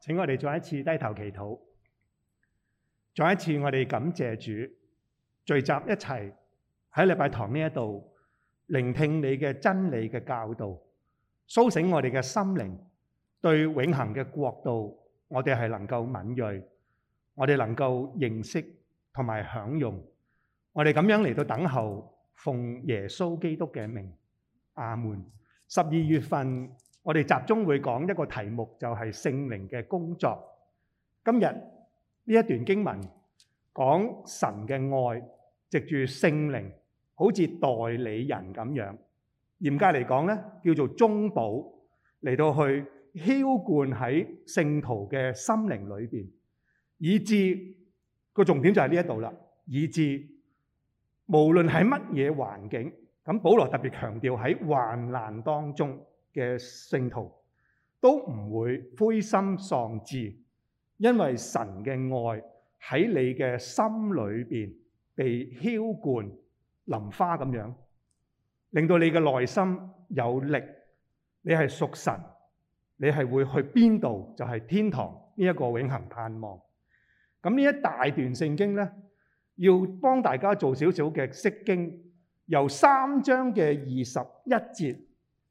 請我哋再一次低頭祈禱，再一次我哋感謝主，聚集一齊喺禮拜堂呢一度聆聽你嘅真理嘅教導，甦醒我哋嘅心靈，對永恆嘅國度，我哋係能夠敏鋭，我哋能夠認識同埋享用，我哋咁樣嚟到等候奉耶穌基督嘅名，阿門。十二月份。我哋集中會講一個題目，就係聖靈嘅工作。今日呢一段經文講神嘅愛藉住聖靈，好似代理人咁樣。嚴格嚟講咧，叫做中保嚟到去澆灌喺聖徒嘅心靈裏邊，以至個重點就係呢一度啦。以至無論喺乜嘢環境，咁保羅特別強調喺患難當中。嘅聖徒都唔會灰心喪志，因為神嘅愛喺你嘅心裏邊被澆灌淋花咁樣，令到你嘅內心有力。你係屬神，你係會去邊度就係天堂呢一個永恒盼望。咁呢一大段聖經呢，要幫大家做少少嘅釋經，由三章嘅二十一節。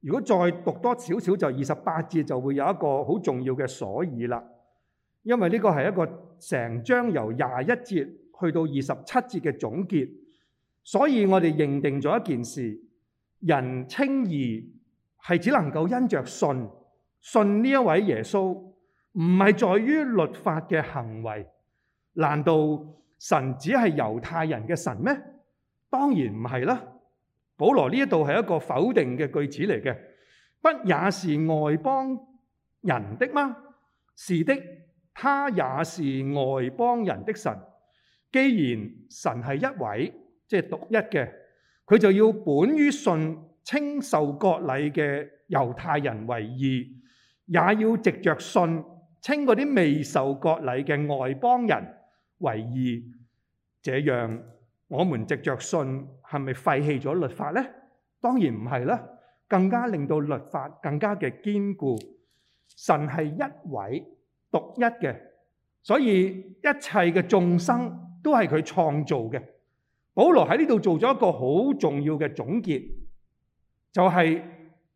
如果再讀多少少就二十八節，就會有一個好重要嘅所以啦，因為呢個係一個成章由廿一節去到二十七節嘅總結，所以我哋認定咗一件事：人稱義係只能夠因着信，信呢位耶穌，唔係在於律法嘅行為。難道神只係猶太人嘅神咩？當然唔係啦。保羅，呢一度係一個否定嘅句子嚟嘅，不也是外邦人的嗎？是的，他也是外邦人的神。既然神係一位，即係獨一嘅，佢就要本於信稱受割禮嘅猶太人為義，也要藉着信稱嗰啲未受割禮嘅外邦人為義，這樣。我們藉着信係咪廢棄咗律法呢？當然唔係啦，更加令到律法更加嘅堅固。神係一位獨一嘅，所以一切嘅眾生都係佢創造嘅。保羅喺呢度做咗一個好重要嘅總結，就係、是、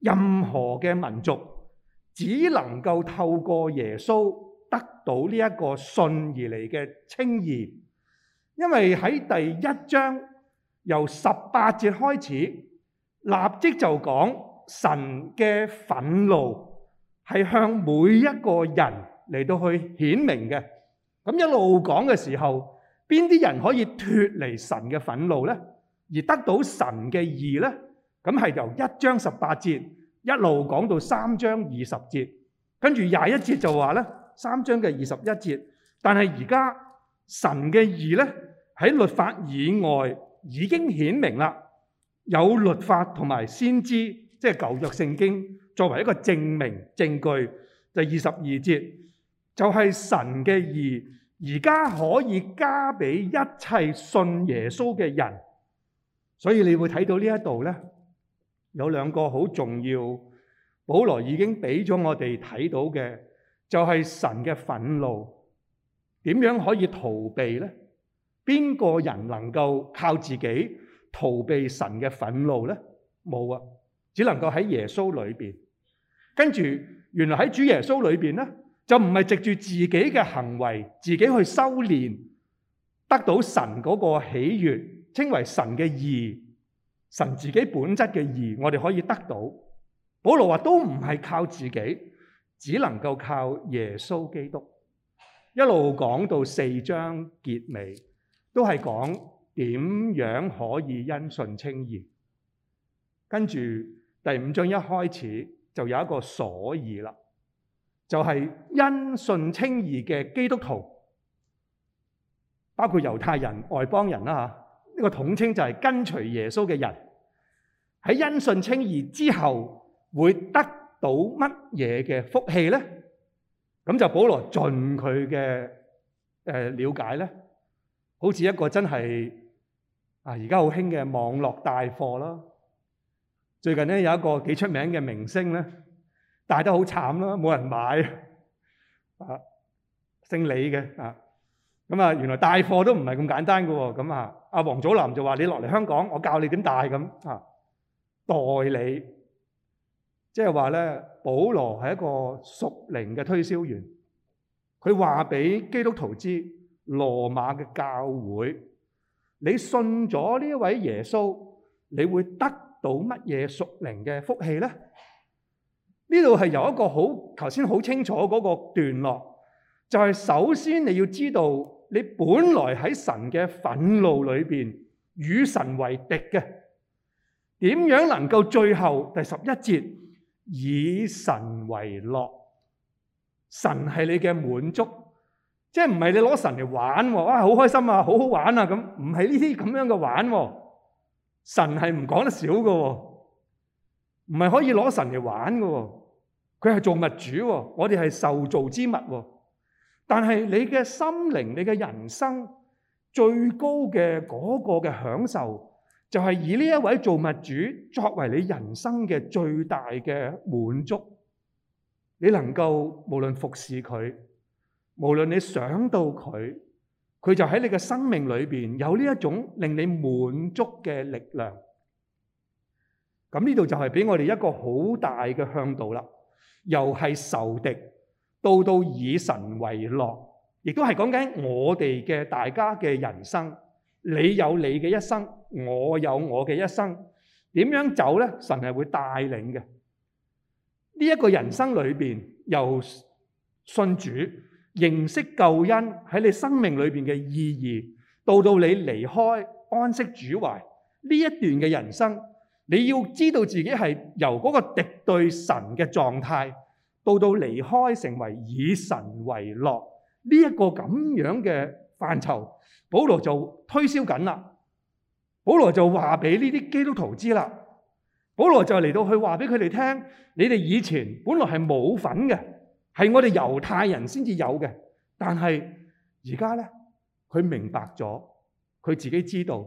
任何嘅民族只能夠透過耶穌得到呢一個信而嚟嘅稱義。因為喺第一章由十八節開始，立即就講神嘅憤怒係向每一個人嚟到去顯明嘅。咁一路講嘅時候，邊啲人可以脫離神嘅憤怒呢？而得到神嘅義呢？咁係由一章十八節一路講到三章二十節，跟住廿一節就話呢，三章嘅二十一節。但係而家。神嘅義咧，喺律法以外已經顯明啦，有律法同埋先知，即係舊約聖經作為一個證明證據。第二十二節就係神嘅義，而家可以加俾一切信耶穌嘅人。所以你會睇到這呢一度咧，有兩個好重要，保羅已經俾咗我哋睇到嘅，就係神嘅憤怒。點樣可以逃避呢？邊個人能夠靠自己逃避神嘅憤怒呢？冇啊，只能夠喺耶穌裏邊。跟住原來喺主耶穌裏邊咧，就唔係藉住自己嘅行為，自己去修煉，得到神嗰個喜悅，稱為神嘅義，神自己本質嘅義，我哋可以得到。保羅話都唔係靠自己，只能夠靠耶穌基督。一路講到四章結尾，都係講點樣可以因信稱義。跟住第五章一開始就有一個所以啦，就係因信稱義嘅基督徒，包括猶太人、外邦人啦嚇，呢個統稱就係跟隨耶穌嘅人。喺因信稱義之後，會得到乜嘢嘅福氣呢？咁就保羅盡佢嘅誒了解咧，好似一個真係啊而家好興嘅網絡帶貨啦。最近咧有一個幾出名嘅明星咧，帶得好慘啦，冇人買啊。姓李嘅啊，咁啊原來帶貨都唔係咁簡單㗎喎。咁啊，阿、啊啊、王祖藍就話你落嚟香港，我教你點帶，咁啊，代理，即係話咧。保羅係一個屬靈嘅推銷員，佢話俾基督徒知羅馬嘅教會，你信咗呢一位耶穌，你會得到乜嘢屬靈嘅福氣呢？呢度係由一個好頭先好清楚嗰個段落，就係首先你要知道，你本來喺神嘅憤怒裏面與神為敵嘅，點樣能夠最後第十一節？以神為樂，神係你嘅滿足，即係唔係你攞神嚟玩喎，哇，好開心啊，好好玩啊咁，唔係呢啲咁樣嘅玩喎，神係唔講得少噶，唔係可以攞神嚟玩噶，佢係造物主，啊，我哋係受造之物，啊，但係你嘅心靈、你嘅人生最高嘅嗰個嘅享受。就係以呢一位造物主作為你人生嘅最大嘅滿足，你能夠無論服侍佢，無論你想到佢，佢就喺你嘅生命裏面有呢一種令你滿足嘅力量。咁呢度就係俾我哋一個好大嘅向導啦，又係仇敵到到以神為樂，亦都係講緊我哋嘅大家嘅人生。你有你嘅一生，我有我嘅一生。點樣走呢？神係會帶領嘅。呢、這、一個人生裏面，由信主、認識救恩喺你生命裏面嘅意義，到到你離開安息主懷呢一段嘅人生，你要知道自己係由嗰個敵對神嘅狀態，到到離開成為以神為樂呢一個咁樣嘅。範疇，保羅就推銷緊啦。保羅就話俾呢啲基督徒知啦。保羅就嚟到去話俾佢哋聽，你哋以前本來係冇份嘅，係我哋猶太人先至有嘅。但係而家咧，佢明白咗，佢自己知道，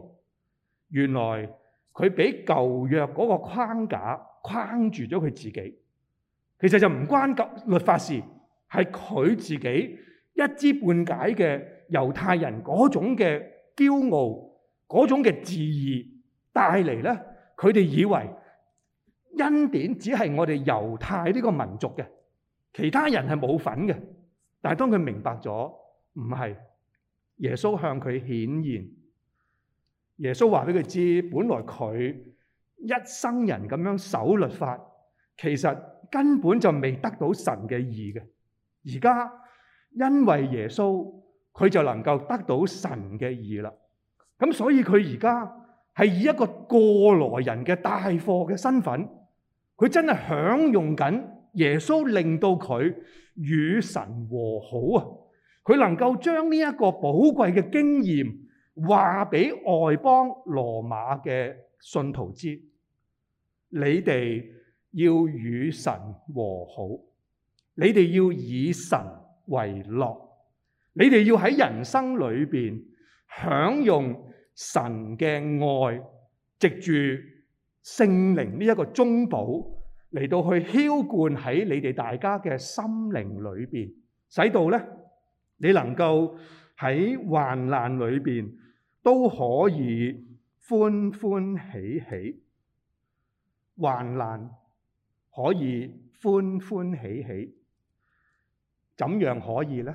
原來佢俾舊約嗰個框架框住咗佢自己。其實就唔關舊律法事，係佢自己一知半解嘅。猶太人嗰種嘅驕傲，嗰種嘅自義帶嚟咧，佢哋以為恩典只係我哋猶太呢個民族嘅，其他人係冇份嘅。但係當佢明白咗，唔係耶穌向佢顯現，耶穌話俾佢知，本來佢一生人咁樣守律法，其實根本就未得到神嘅義嘅。而家因為耶穌。佢就能夠得到神嘅義啦，咁所以佢而家係以一個過來人嘅帶貨嘅身份，佢真係享用緊耶穌令到佢與神和好啊！佢能夠將呢一個寶貴嘅經驗話俾外邦羅馬嘅信徒知，你哋要與神和好，你哋要以神為樂。你哋要喺人生裏邊享用神嘅愛，藉住聖靈呢一個中保嚟到去澆灌喺你哋大家嘅心靈裏邊，使到呢你能夠喺患難裏邊都可以歡歡喜喜。患難可以歡歡喜喜，怎樣可以呢？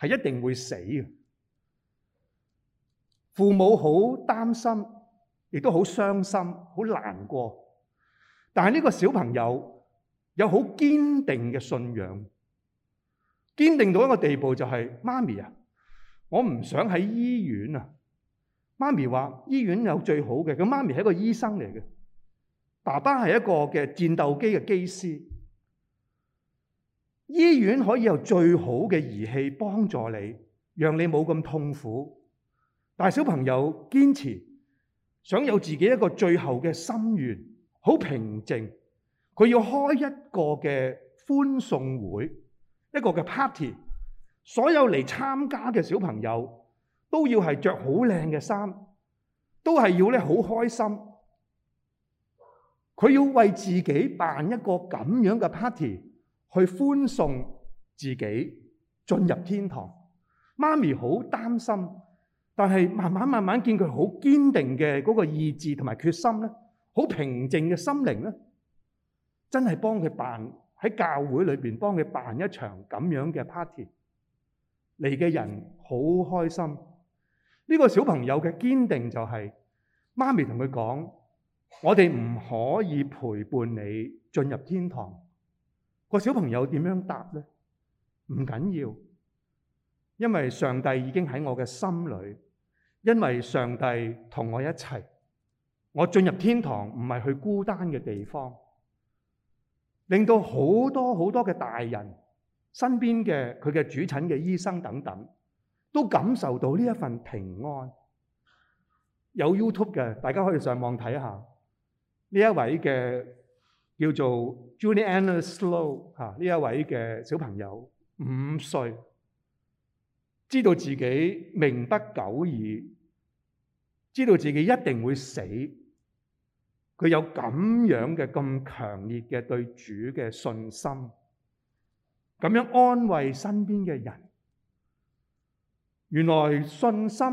係一定會死嘅，父母好擔心，亦都好傷心、好難過。但係呢個小朋友有好堅定嘅信仰，堅定到一個地步就係：媽咪啊，我唔想喺醫院啊！媽咪話醫院有最好嘅，咁媽咪係一個醫生嚟嘅，爸爸係一個嘅戰鬥機嘅機師。醫院可以有最好嘅儀器幫助你，讓你冇咁痛苦。但小朋友堅持想有自己一個最後嘅心願，好平靜。佢要開一個嘅歡送會，一個嘅 party。所有嚟參加嘅小朋友都要係着好靚嘅衫，都係要咧好開心。佢要為自己辦一個咁樣嘅 party。去歡送自己進入天堂。媽咪好擔心，但係慢慢慢慢見佢好堅定嘅嗰個意志同埋決心咧，好平靜嘅心靈咧，真係幫佢辦，喺教會裏邊幫佢辦一場咁樣嘅 party。嚟嘅人好開心。呢、這個小朋友嘅堅定就係、是、媽咪同佢講：我哋唔可以陪伴你進入天堂。個小朋友點樣答呢？唔緊要，因為上帝已經喺我嘅心裏，因為上帝同我一齊，我進入天堂唔係去孤單嘅地方，令到好多好多嘅大人身邊嘅佢嘅主診嘅醫生等等，都感受到呢一份平安。有 YouTube 嘅，大家可以上網睇下。呢一位嘅叫做。Julie Anna Slow，哈，呢一位嘅小朋友五歲，知道自己命不久矣，知道自己一定會死，佢有咁樣嘅咁強烈嘅對主嘅信心，咁樣安慰身邊嘅人。原來信心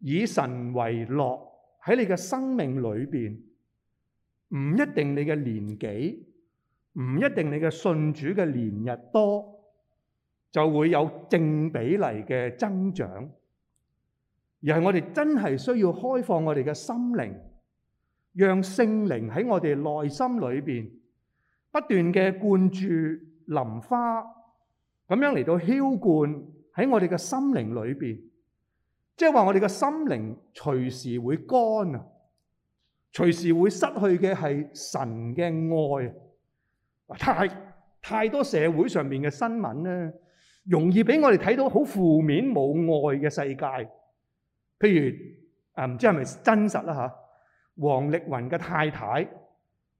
以神為樂喺你嘅生命裏面。唔一定你嘅年紀，唔一定你嘅信主嘅年日多，就會有正比例嘅增長。而係我哋真係需要開放我哋嘅心靈，讓聖靈喺我哋內心裏邊不斷嘅灌注淋花，咁樣嚟到澆灌喺我哋嘅心靈裏邊。即係話我哋嘅心靈隨時會乾啊！隨時會失去嘅係神嘅愛。太，太多社會上面嘅新聞咧，容易俾我哋睇到好負面、冇愛嘅世界。譬如啊，唔知係咪真實啦嚇。王力宏嘅太太，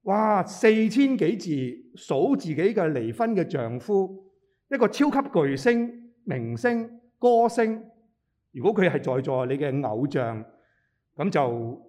哇，四千幾字數自己嘅離婚嘅丈夫，一個超級巨星、明星、歌星。如果佢係在座你嘅偶像，咁就。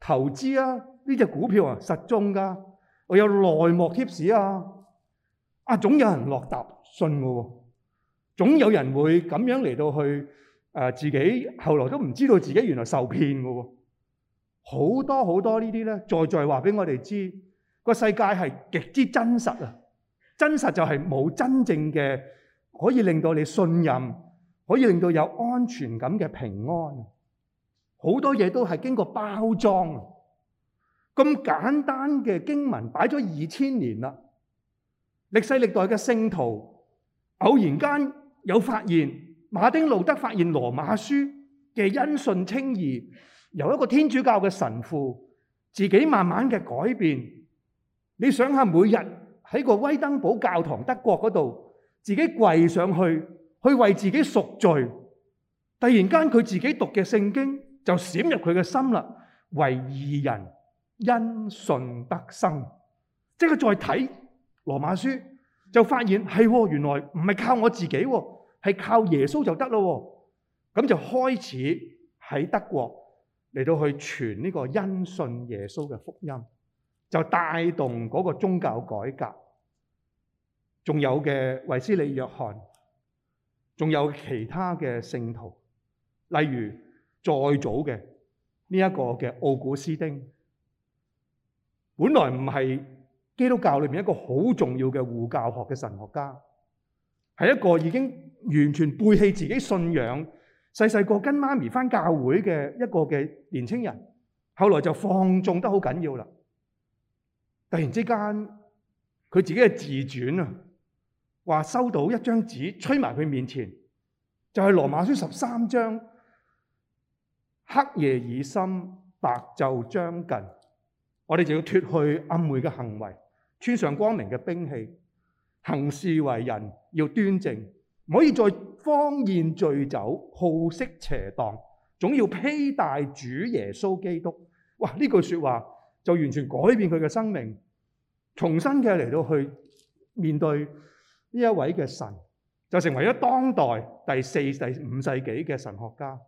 投資啊！呢隻股票啊，實中㗎、啊，我有內幕 tips 啊！啊，總有人落搭信嘅喎、啊，總有人會咁樣嚟到去誒、啊，自己後來都唔知道自己原來受騙嘅喎、啊。好多好多呢啲咧，再再話俾我哋知，個世界係極之真實啊！真實就係冇真正嘅可以令到你信任，可以令到有安全感嘅平安。好多嘢都係經過包裝，咁簡單嘅經文擺咗二千年啦，歷世歷代嘅聖徒偶然間有發現，馬丁路德發現羅馬書嘅因信稱義，由一個天主教嘅神父自己慢慢嘅改變。你想下，每日喺個威登堡教堂德國嗰度自己跪上去，去為自己贖罪，突然間佢自己讀嘅聖經。就閃入佢嘅心啦，為義人因信得生。即係佢再睇羅馬書，就發現係原來唔係靠我自己喎，係靠耶穌就得咯。咁就開始喺德國嚟到去傳呢個因信耶穌嘅福音，就帶動嗰個宗教改革，仲有嘅衛斯理約翰，仲有其他嘅聖徒，例如。再早嘅呢一個嘅奧古斯丁，本來唔係基督教裏面一個好重要嘅護教學嘅神學家，係一個已經完全背棄自己信仰、細細個跟媽咪返教會嘅一個嘅年青人，後來就放縱得好緊要啦。突然之間，佢自己嘅自傳啊，話收到一張紙吹埋佢面前，就係、是、羅馬書十三章。黑夜已深，白晝將近，我哋就要脫去暗昧嘅行為，穿上光明嘅兵器，行事為人要端正，唔可以再荒宴醉酒、好色邪蕩，總要披戴主耶穌基督。哇！呢句說話就完全改變佢嘅生命，重新嘅嚟到去面對呢一位嘅神，就成為咗當代第四、第五世紀嘅神學家。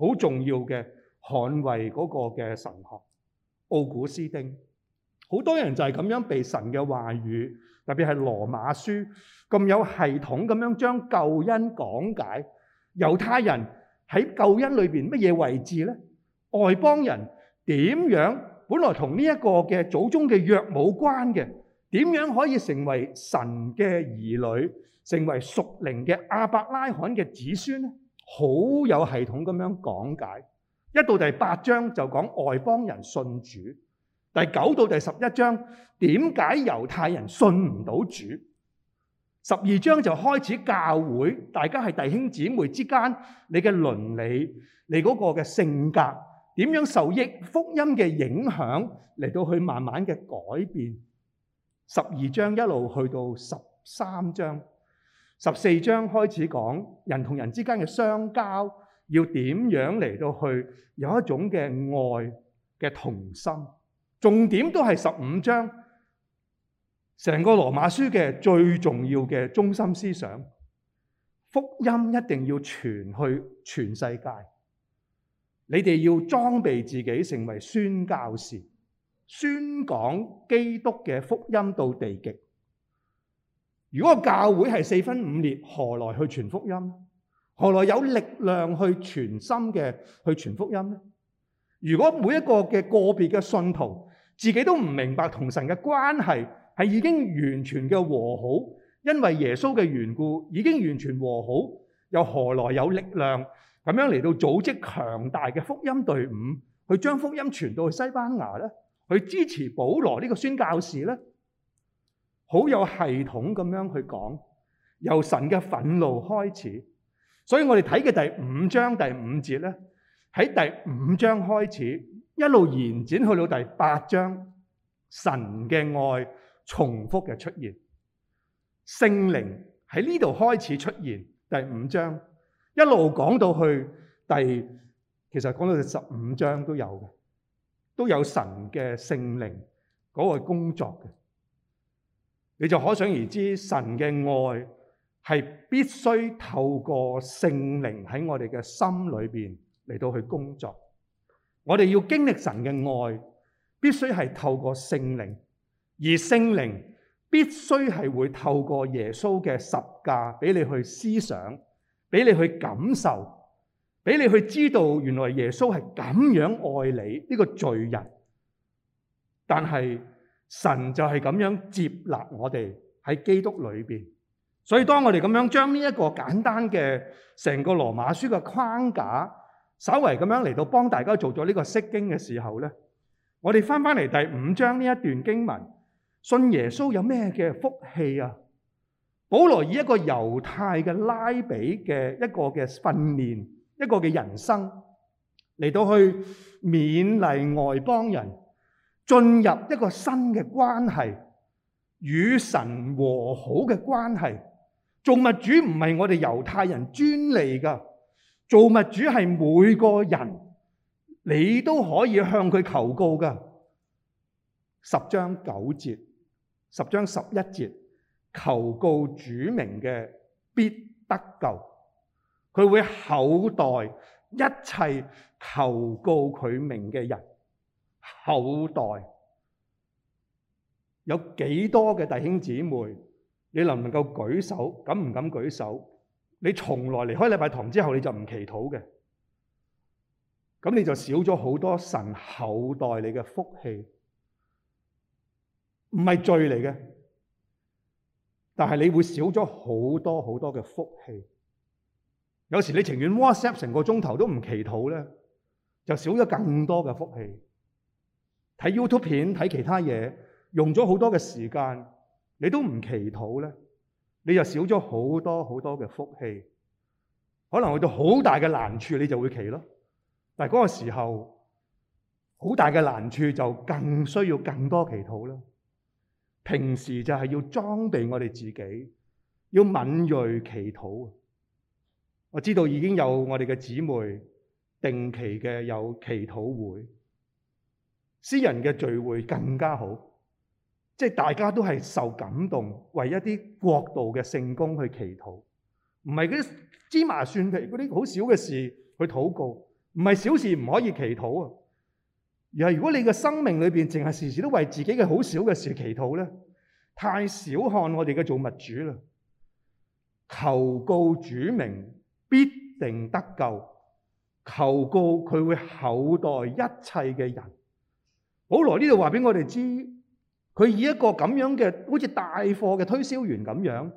好重要嘅捍衞嗰個嘅神學，奧古斯丁，好多人就係咁樣被神嘅話語，特別係羅馬書咁有系統咁樣將救恩講解。猶太人喺救恩裏邊乜嘢位置呢？外邦人點樣？本來同呢一個嘅祖宗嘅約冇關嘅，點樣可以成為神嘅兒女，成為屬靈嘅亞伯拉罕嘅子孫呢？好有系統咁樣講解，一到第八章就講外邦人信主，第九到第十一章點解猶太人信唔到主，十二章就開始教會大家係弟兄姊妹之間，你嘅倫理，你嗰個嘅性格，點樣受益，福音嘅影響嚟到去慢慢嘅改變，十二章一路去到十三章。十四章開始講人同人之間嘅相交要點樣嚟到去有一種嘅愛嘅同心，重點都係十五章成個羅馬書嘅最重要嘅中心思想，福音一定要傳去全世界，你哋要裝備自己成為宣教士，宣講基督嘅福音到地極。如果教會係四分五裂，何來去傳福音？何來有力量去全心嘅去傳福音咧？如果每一個嘅個別嘅信徒自己都唔明白同神嘅關係係已經完全嘅和好，因為耶穌嘅緣故已經完全和好，又何來有力量咁樣嚟到組織強大嘅福音隊伍去將福音傳到去西班牙咧？去支持保羅呢個宣教士咧？好有系統咁樣去講，由神嘅憤怒開始，所以我哋睇嘅第五章第五節咧，喺第五章開始一路延展去到第八章，神嘅愛重複嘅出現，聖靈喺呢度開始出現，第五章一路講到去第，其實講到第十五章都有嘅，都有神嘅聖靈嗰個工作嘅。你就可想而知，神嘅愛係必須透過聖靈喺我哋嘅心裏面嚟到去工作。我哋要經歷神嘅愛，必須係透過聖靈，而聖靈必須係會透過耶穌嘅十架俾你去思想，俾你去感受，俾你去知道原來耶穌係咁樣愛你呢、這個罪人，但係。神就係咁樣接納我哋喺基督裏面，所以當我哋咁樣將呢一個簡單嘅成個羅馬書嘅框架，稍為咁樣嚟到幫大家做咗呢個釋經嘅時候咧，我哋翻翻嚟第五章呢一段經文，信耶穌有咩嘅福氣啊？保羅以一個猶太嘅拉比嘅一個嘅訓練，一個嘅人生嚟到去勉勵外邦人。進入一個新嘅關係，與神和好嘅關係。做物主唔係我哋猶太人專利噶，做物主係每個人，你都可以向佢求告噶。十章九節，十章十一節，求告主名嘅必得救，佢會厚待一切求告佢名嘅人。後代有幾多嘅弟兄姊妹？你能唔能夠舉手？敢唔敢舉手？你從來離開禮拜堂之後，你就唔祈禱嘅，咁你就少咗好多神厚待你嘅福氣。唔係罪嚟嘅，但係你會少咗好多好多嘅福氣。有時你情願 WhatsApp 成個鐘頭都唔祈禱咧，就少咗更多嘅福氣。睇 YouTube 片，睇其他嘢，用咗好多嘅時間，你都唔祈禱咧，你又少咗好多好多嘅福氣，可能去到好大嘅難處，你就會祈咯。但係嗰個時候，好大嘅難處就更需要更多祈禱啦。平時就係要裝備我哋自己，要敏銳祈禱啊。我知道已經有我哋嘅姊妹定期嘅有祈禱會。私人嘅聚會更加好，即係大家都係受感動，為一啲國度嘅聖工去祈禱，唔係嗰啲芝麻蒜皮嗰啲好少嘅事去禱告，唔係小事唔可以祈禱啊！而係如果你嘅生命裏面淨係時時都為自己嘅好少嘅事祈禱咧，太少看我哋嘅造物主啦！求告主名必定得救，求告佢會厚待一切嘅人。好保羅呢度話俾我哋知，佢以一個咁樣嘅，好似大貨嘅推銷員咁樣，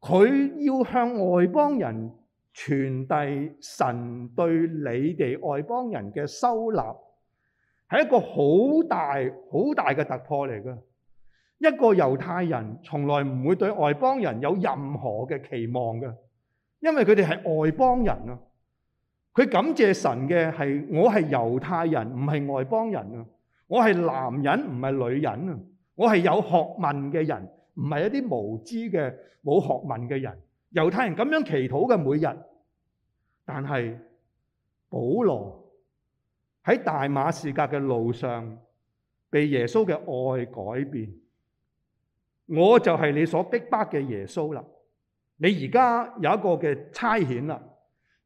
佢要向外邦人傳遞神對你哋外邦人嘅收納，係一個好大好大嘅突破嚟噶。一個猶太人從來唔會對外邦人有任何嘅期望噶，因為佢哋係外邦人啊。佢感謝神嘅係我係猶太人，唔係外邦人啊。我係男人，唔係女人啊！我係有學問嘅人，唔係一啲無知嘅冇學問嘅人。猶太人咁樣祈禱嘅每日，但係保羅喺大馬士革嘅路上被耶穌嘅愛改變，我就係你所逼迫嘅耶穌啦！你而家有一個嘅差遣啦，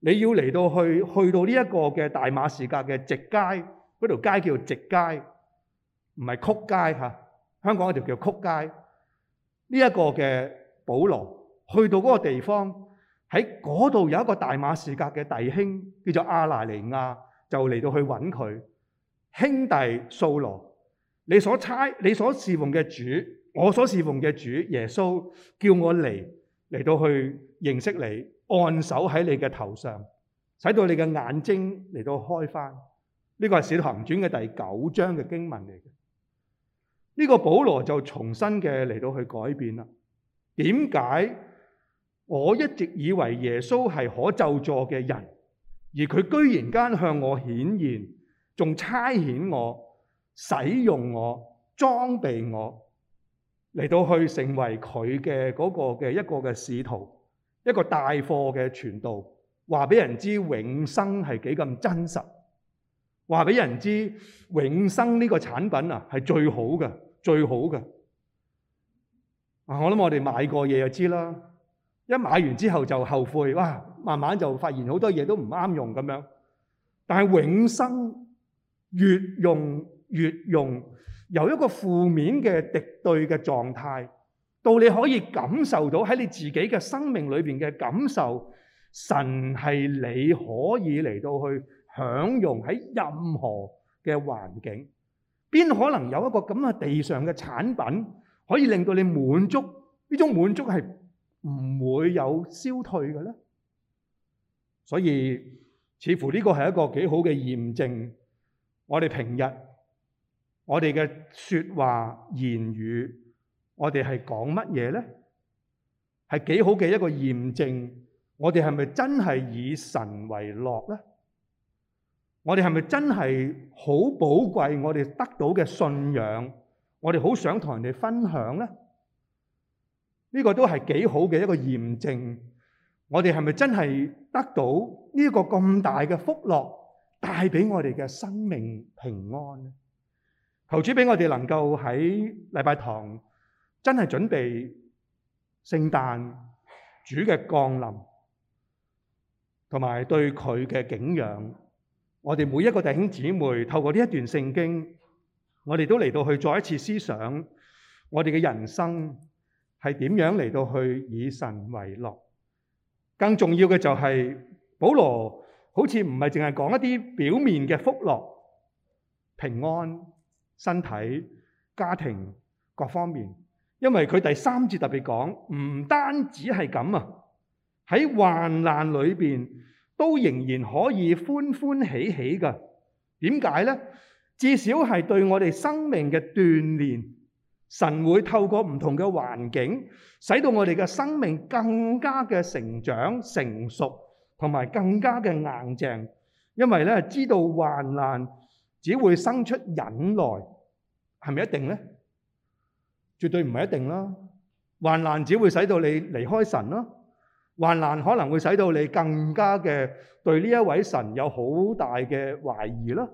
你要嚟到去去到呢一個嘅大馬士革嘅直街。嗰條街叫直街，唔係曲街嚇。香港嗰條叫曲街。呢、這、一個嘅保羅去到嗰個地方，喺嗰度有一個大馬士革嘅弟兄叫做阿拿尼亞，就嚟到去揾佢兄弟掃羅。你所差、你所侍奉嘅主，我所侍奉嘅主耶穌，叫我嚟嚟到去認識你，按手喺你嘅頭上，使到你嘅眼睛嚟到開返。呢個係《使徒行傳》嘅第九章嘅經文嚟嘅。呢個保羅就重新嘅嚟到去改變啦。點解我一直以為耶穌係可救助嘅人，而佢居然間向我顯現，仲差遣我、使用我、裝備我，嚟到去成為佢嘅嗰個嘅一個嘅使徒，一個帶貨嘅傳道，話俾人知永生係幾咁真實。話俾人知永生呢個產品啊，係最好嘅，最好嘅。啊，我諗我哋買過嘢就知啦。一買完之後就後悔，哇！慢慢就發現好多嘢都唔啱用咁樣。但係永生越用越用，由一個負面嘅敵對嘅狀態，到你可以感受到喺你自己嘅生命裏邊嘅感受，神係你可以嚟到去。享用喺任何嘅環境，邊可能有一個咁嘅地上嘅產品可以令到你滿足？呢種滿足係唔會有消退嘅咧。所以似乎呢個係一個幾好嘅驗證。我哋平日我哋嘅説話言語，我哋係講乜嘢咧？係幾好嘅一個驗證。我哋係咪真係以神為樂咧？我哋係咪真係好寶貴？我哋得到嘅信仰，我哋好想同人哋分享呢。呢、呢個都係幾好嘅一個驗證。我哋係咪真係得到呢個咁大嘅福樂，帶俾我哋嘅生命平安呢？求主俾我哋能夠喺禮拜堂真係準備聖誕主嘅降臨，同埋對佢嘅敬仰。我哋每一個弟兄姊妹透過呢一段聖經，我哋都嚟到去再一次思想我哋嘅人生係點樣嚟到去以神為樂。更重要嘅就係保羅好似唔係淨係講一啲表面嘅福樂、平安、身體、家庭各方面，因為佢第三節特別講，唔單止係咁啊，喺患難裏邊。都仍然可以歡歡喜喜㗎，點解呢？至少係對我哋生命嘅鍛煉，神會透過唔同嘅環境，使到我哋嘅生命更加嘅成長、成熟同埋更加嘅硬淨。因為呢，知道患難只會生出忍耐，係咪一定呢？絕對唔係一定啦。患難只會使到你離開神咯。患難可能會使到你更加嘅對呢一位神有好大嘅懷疑咯。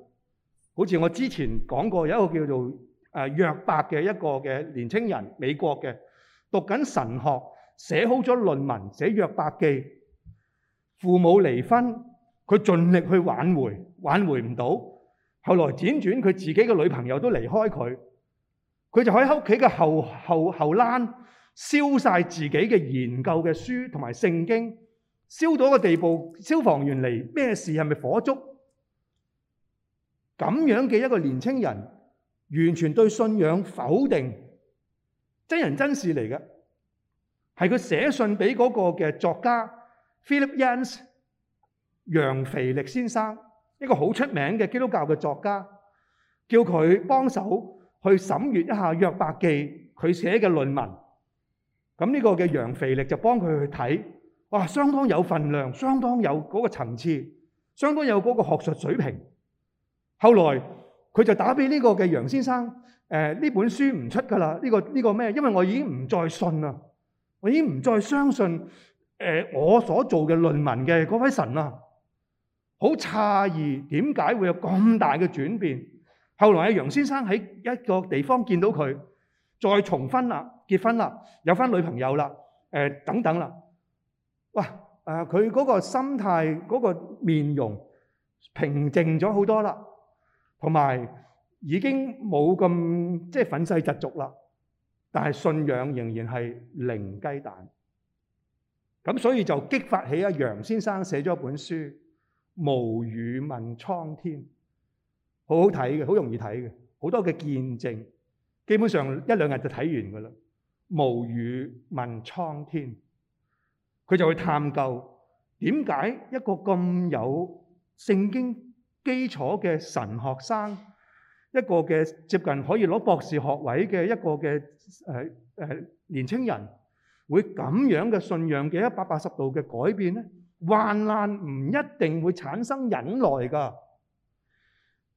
好似我之前講過，有一個叫做誒約伯嘅一個嘅年輕人，美國嘅，讀緊神學，寫好咗論文，寫約伯記。父母離婚，佢盡力去挽回，挽回唔到。後來輾轉，佢自己嘅女朋友都離開佢，佢就喺屋企嘅後後後欄，後燒晒自己嘅研究嘅書同埋聖經，燒到一個地步，消防員嚟，咩事？係咪火燭？咁樣嘅一個年輕人，完全對信仰否定，真人真事嚟嘅，係佢寫信俾嗰個嘅作家 Philip Yancey 楊腓力先生，一個好出名嘅基督教嘅作家，叫佢幫手去審閲一下《約伯記》佢寫嘅論文。咁呢個嘅楊肥力就幫佢去睇，哇！相當有份量，相當有嗰個層次，相當有嗰個學術水平。後來佢就打俾呢個嘅楊先生，誒、呃、呢本書唔出㗎啦，呢、呢個呢、呢個咩？因為我已經唔再信啦，我已經唔再相信誒、呃、我所做嘅論文嘅嗰位神啊，好詫異，點解會有咁大嘅轉變？後來阿楊先生喺一個地方見到佢。再重婚啦，結婚啦，有翻女朋友啦，誒等等啦，哇！誒佢嗰個心態、嗰個面容平靜咗好多啦，同埋已經冇咁即係憤世嫉俗啦，但係信仰仍然係零雞蛋。咁所以就激發起阿楊先生寫咗本書《無語問蒼天》，好好睇嘅，好容易睇嘅，好多嘅見證。基本上一兩日就睇完噶啦，無語問蒼天，佢就會探究點解一個咁有聖經基礎嘅神學生，一個嘅接近可以攞博士學位嘅一個嘅、呃呃、年輕人，會咁樣嘅信仰嘅一百八十度嘅改變咧？患難唔一定會產生忍耐噶，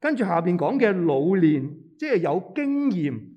跟住下面講嘅老練，即係有經驗。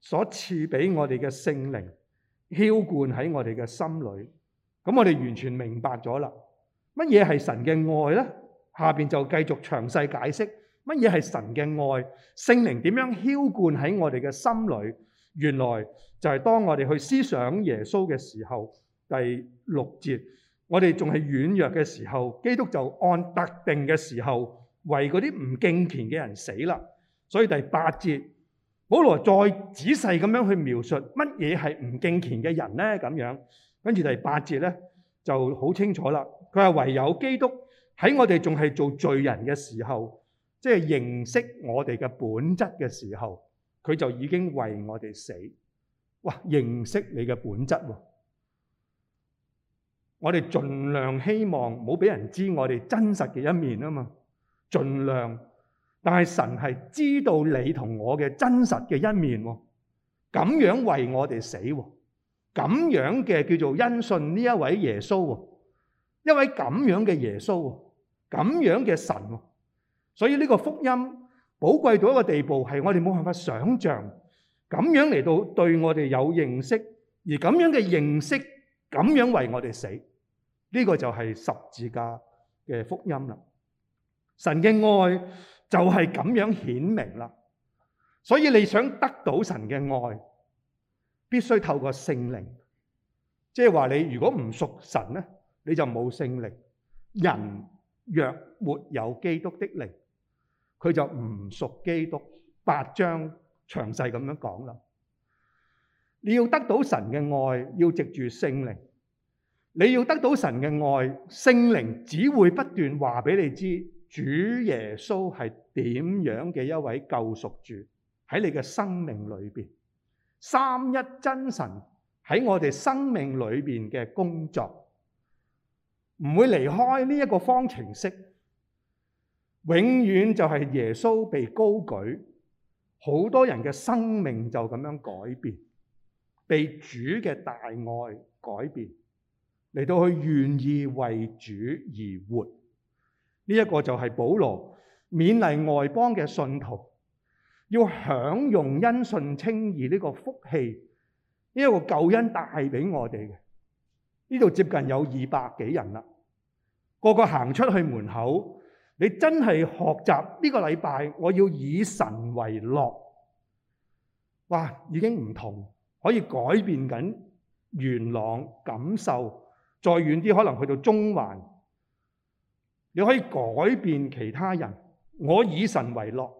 所賜俾我哋嘅聖靈澆灌喺我哋嘅心裏，咁我哋完全明白咗啦。乜嘢係神嘅愛呢？下面就繼續詳細解釋乜嘢係神嘅愛，聖靈點樣澆灌喺我哋嘅心裏。原來就係當我哋去思想耶穌嘅時候，第六節我哋仲係軟弱嘅時候，基督就按特定嘅時候為嗰啲唔敬虔嘅人死啦。所以第八節。保羅再仔細咁樣去描述乜嘢係唔敬虔嘅人咧？咁樣，跟住第八節咧就好清楚啦。佢話唯有基督喺我哋仲係做罪人嘅時候，即係認識我哋嘅本質嘅時候，佢就已經為我哋死。哇！認識你嘅本質，我哋盡量希望冇俾人知我哋真實嘅一面啊嘛，盡量。但係神係知道你同我嘅真實嘅一面，哦，咁樣為我哋死，哦，咁樣嘅叫做因信呢一位耶穌，哦，一位咁樣嘅耶穌，哦，咁樣嘅神，哦，所以呢個福音寶貴到一個地步，係我哋冇辦法想象，咁樣嚟到對我哋有認識，而咁樣嘅認識，咁樣為我哋死，呢，這個就係十字架嘅福音啦。神嘅愛。就係咁樣顯明啦，所以你想得到神嘅愛，必須透過聖靈。即係話你如果唔屬神咧，你就冇聖靈。人若沒有基督的靈，佢就唔屬基督。八章詳細咁樣講啦。你要得到神嘅愛，要藉住聖靈。你要得到神嘅愛，聖靈只會不斷話俾你知。主耶穌係點樣嘅一位救贖主喺你嘅生命裏邊，三一真神喺我哋生命裏邊嘅工作，唔會離開呢一個方程式，永遠就係耶穌被高舉，好多人嘅生命就咁樣改變，被主嘅大愛改變，嚟到去願意為主而活。呢一個就係保羅勉勵外邦嘅信徒要享用因信稱義呢個福氣，呢、這、一個救恩帶俾我哋嘅。呢度接近有二百幾人啦，個個行出去門口，你真係學習呢、這個禮拜，我要以神為樂。哇，已經唔同，可以改變緊元朗、感受，再遠啲可能去到中環。你可以改變其他人，我以神為樂。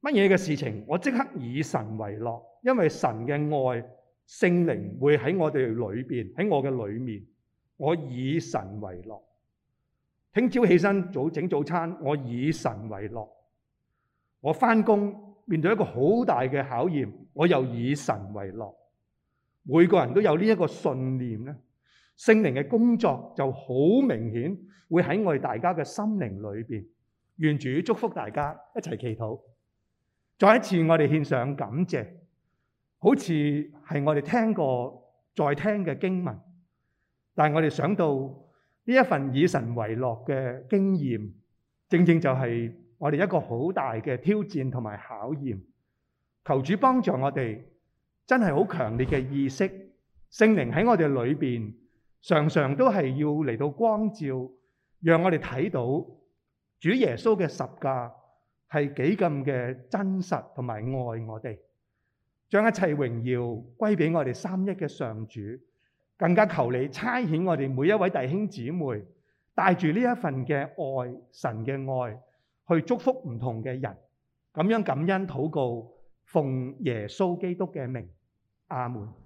乜嘢嘅事情，我即刻以神為樂，因為神嘅愛、聖靈會喺我哋裏邊，喺我嘅裏面。我以神為樂。聽朝起身早整早餐，我以神為樂。我返工面對一個好大嘅考驗，我又以神為樂。每個人都有呢一個信念咧。聖靈嘅工作就好明顯，會喺我哋大家嘅心靈裏邊，願主祝福大家一齊祈禱。再一次，我哋獻上感謝，好似係我哋聽過、再聽嘅經文，但係我哋想到呢一份以神為樂嘅經驗，正正就係我哋一個好大嘅挑戰同埋考驗。求主幫助我哋，真係好強烈嘅意識，聖靈喺我哋裏邊。常常都係要嚟到光照，讓我哋睇到主耶穌嘅十架係幾咁嘅真實，同埋愛我哋。將一切榮耀歸俾我哋三一嘅上主，更加求你差遣我哋每一位弟兄姊妹，帶住呢一份嘅愛，神嘅愛，去祝福唔同嘅人，咁樣感恩禱告，奉耶穌基督嘅名，阿門。